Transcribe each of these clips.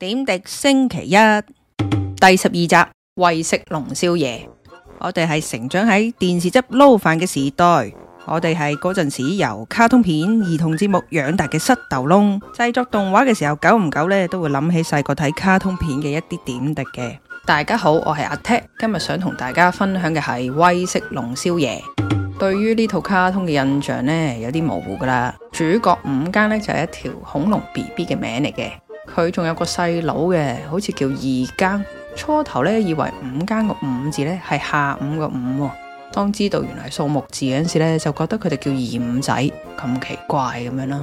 點滴星期一第十二集《威式龍少爺》，我哋係成長喺電視汁撈飯嘅時代，我哋係嗰陣時由卡通片、兒童節目養大嘅失斗窿。製作動畫嘅時候，久唔久呢都會諗起細個睇卡通片嘅一啲點滴嘅。大家好，我係阿 Tek，今日想同大家分享嘅係《威式龍少爺》。對於呢套卡通嘅印象呢，有啲模糊噶啦。主角五間呢，就係一條恐龍 B B 嘅名嚟嘅。佢仲有個細佬嘅，好似叫二更。初頭呢，以為五更個五字呢係下午個五喎，當知道原來係數目字嗰陣時呢，就覺得佢哋叫二五仔咁奇怪咁樣啦。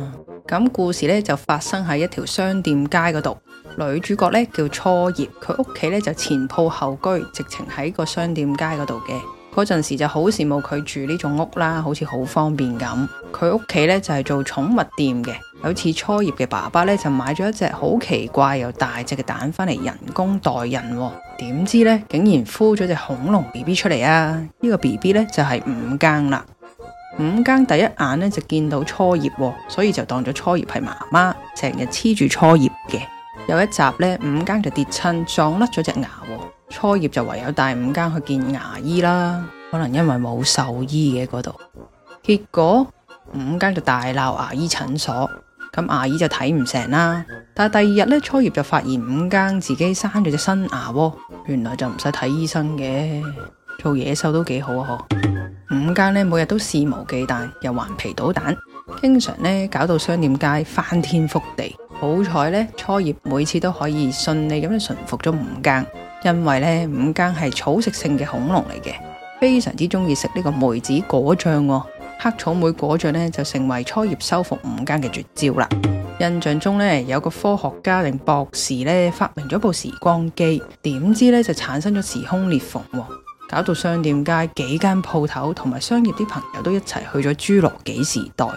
咁故事呢就發生喺一條商店街嗰度，女主角呢叫初葉，佢屋企呢就前鋪後居，直情喺個商店街嗰度嘅。嗰陣時就好羨慕佢住呢種屋啦，好似好方便咁。佢屋企呢就係做寵物店嘅，有次初葉嘅爸爸呢就買咗一隻好奇怪又大隻嘅蛋翻嚟人工代孕，哦，點知呢，竟然孵咗隻恐龍 B B 出嚟啊！呢個、BB 呢個 B B 呢就係、係、五更啦，五更第一眼呢就見到初葉，所以就當咗初葉係媽媽，成日黐住初葉嘅。有一集呢，五更就跌親撞甩咗隻牙，初葉就唯有帶五更去見牙醫啦。可能因為冇獸醫嘅嗰度，結果五更就大鬧牙醫診所，咁牙醫就睇唔成啦。但係第二日咧，初葉就發現五更自己生咗隻新牙窩，原來就唔使睇醫生嘅。做野獸都幾好嗬，五更呢每日都肆無忌憚，又頑皮搗蛋，經常呢搞到商店街翻天覆地。好彩呢，初葉每次都可以順利咁馴服咗五更，因為呢五更係草食性嘅恐龍嚟嘅。非常之中意食呢個梅子果醬、哦，黑草莓果醬呢，就成為初葉收復五間嘅絕招啦。印象中呢，有個科學家定博士呢，發明咗部時光機，點知呢，就產生咗時空裂縫、哦，搞到商店街幾間鋪頭同埋商業啲朋友都一齊去咗侏羅紀時代。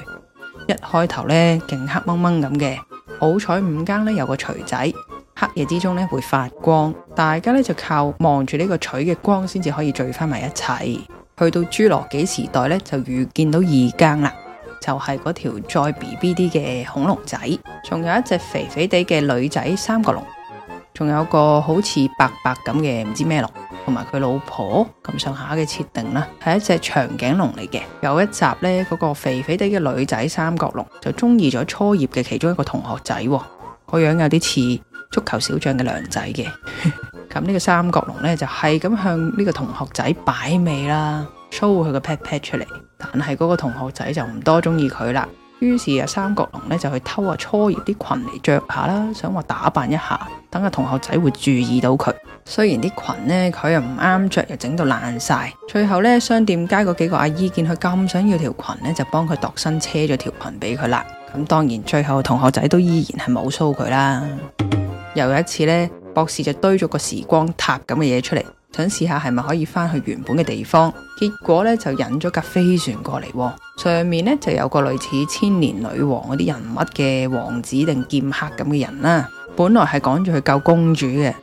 一開頭呢，勁黑掹掹咁嘅，好彩五間呢，有個廚仔。黑夜之中咧會發光，大家咧就靠望住呢個取嘅光先至可以聚翻埋一齊。去到侏羅紀時代咧就遇見到二更啦，就係、是、嗰條再 B B 啲嘅恐龍仔，仲有一隻肥肥哋嘅女仔三角龍，仲有個好似白白咁嘅唔知咩龍，同埋佢老婆咁上下嘅設定啦，係一隻長頸龍嚟嘅。有一集呢，嗰、那個肥肥哋嘅女仔三角龍就中意咗初葉嘅其中一個同學仔、哦，個樣有啲似。足球小將嘅娘仔嘅，咁 呢個三角龍呢就係咁向呢個同學仔擺尾啦，show 佢個 pat pat 出嚟，但係嗰個同學仔就唔多中意佢啦。於是啊，三角龍呢就去偷啊，搓熱啲裙嚟着下啦，想話打扮一下，等個同學仔會注意到佢。雖然啲裙呢佢又唔啱着，又整到爛晒，最後呢，商店街嗰幾個阿姨見佢咁想要條裙呢，就幫佢度身車咗條裙俾佢啦。咁當然最後同學仔都依然係冇 show 佢啦。又一次呢，博士就堆咗個時光塔咁嘅嘢出嚟，想試下係咪可以返去原本嘅地方。結果呢就引咗架飛船過嚟，上面呢就有個類似千年女王嗰啲人物嘅王子定劍客咁嘅人啦。本來係趕住去救公主嘅。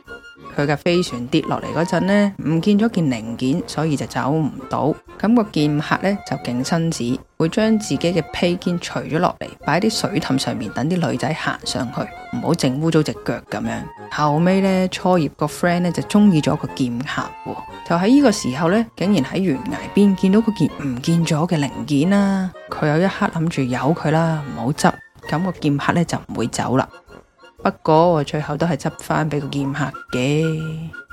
佢嘅飛船跌落嚟嗰陣呢，唔見咗件零件，所以就走唔到。咁個劍客呢，就勁紳士，會將自己嘅披肩除咗落嚟，擺啲水凼上面，等啲女仔行上去，唔好整污糟隻腳咁樣。後尾呢，初葉個 friend 呢，就中意咗個劍客，就喺呢個時候呢，竟然喺懸崖邊見到嗰件唔見咗嘅零件啦、啊。佢有一刻諗住由佢啦，唔好執，咁、那個劍客呢，就唔會走啦。不過我最後都係執翻俾個劍客嘅，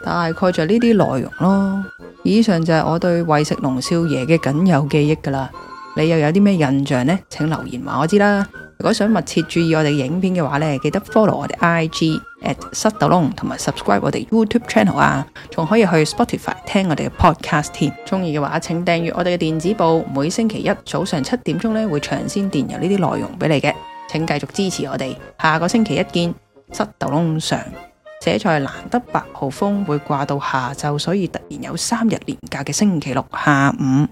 大概就呢啲內容咯。以上就係我對為食龍少爺嘅僅有記憶噶啦。你又有啲咩印象呢？請留言話我知啦。如果想密切注意我哋影片嘅話呢，記得 follow 我哋 IG at 失斗窿，同埋 subscribe 我哋 YouTube channel 啊。仲可以去 Spotify 聽我哋嘅 podcast 添。中意嘅話，請訂閱我哋嘅電子報，每星期一早上七點鐘呢，會搶先電郵呢啲內容俾你嘅。請繼續支持我哋，下個星期一見。塞斗窿上，寫在難得八號風會掛到下晝，所以突然有三日連假嘅星期六下午。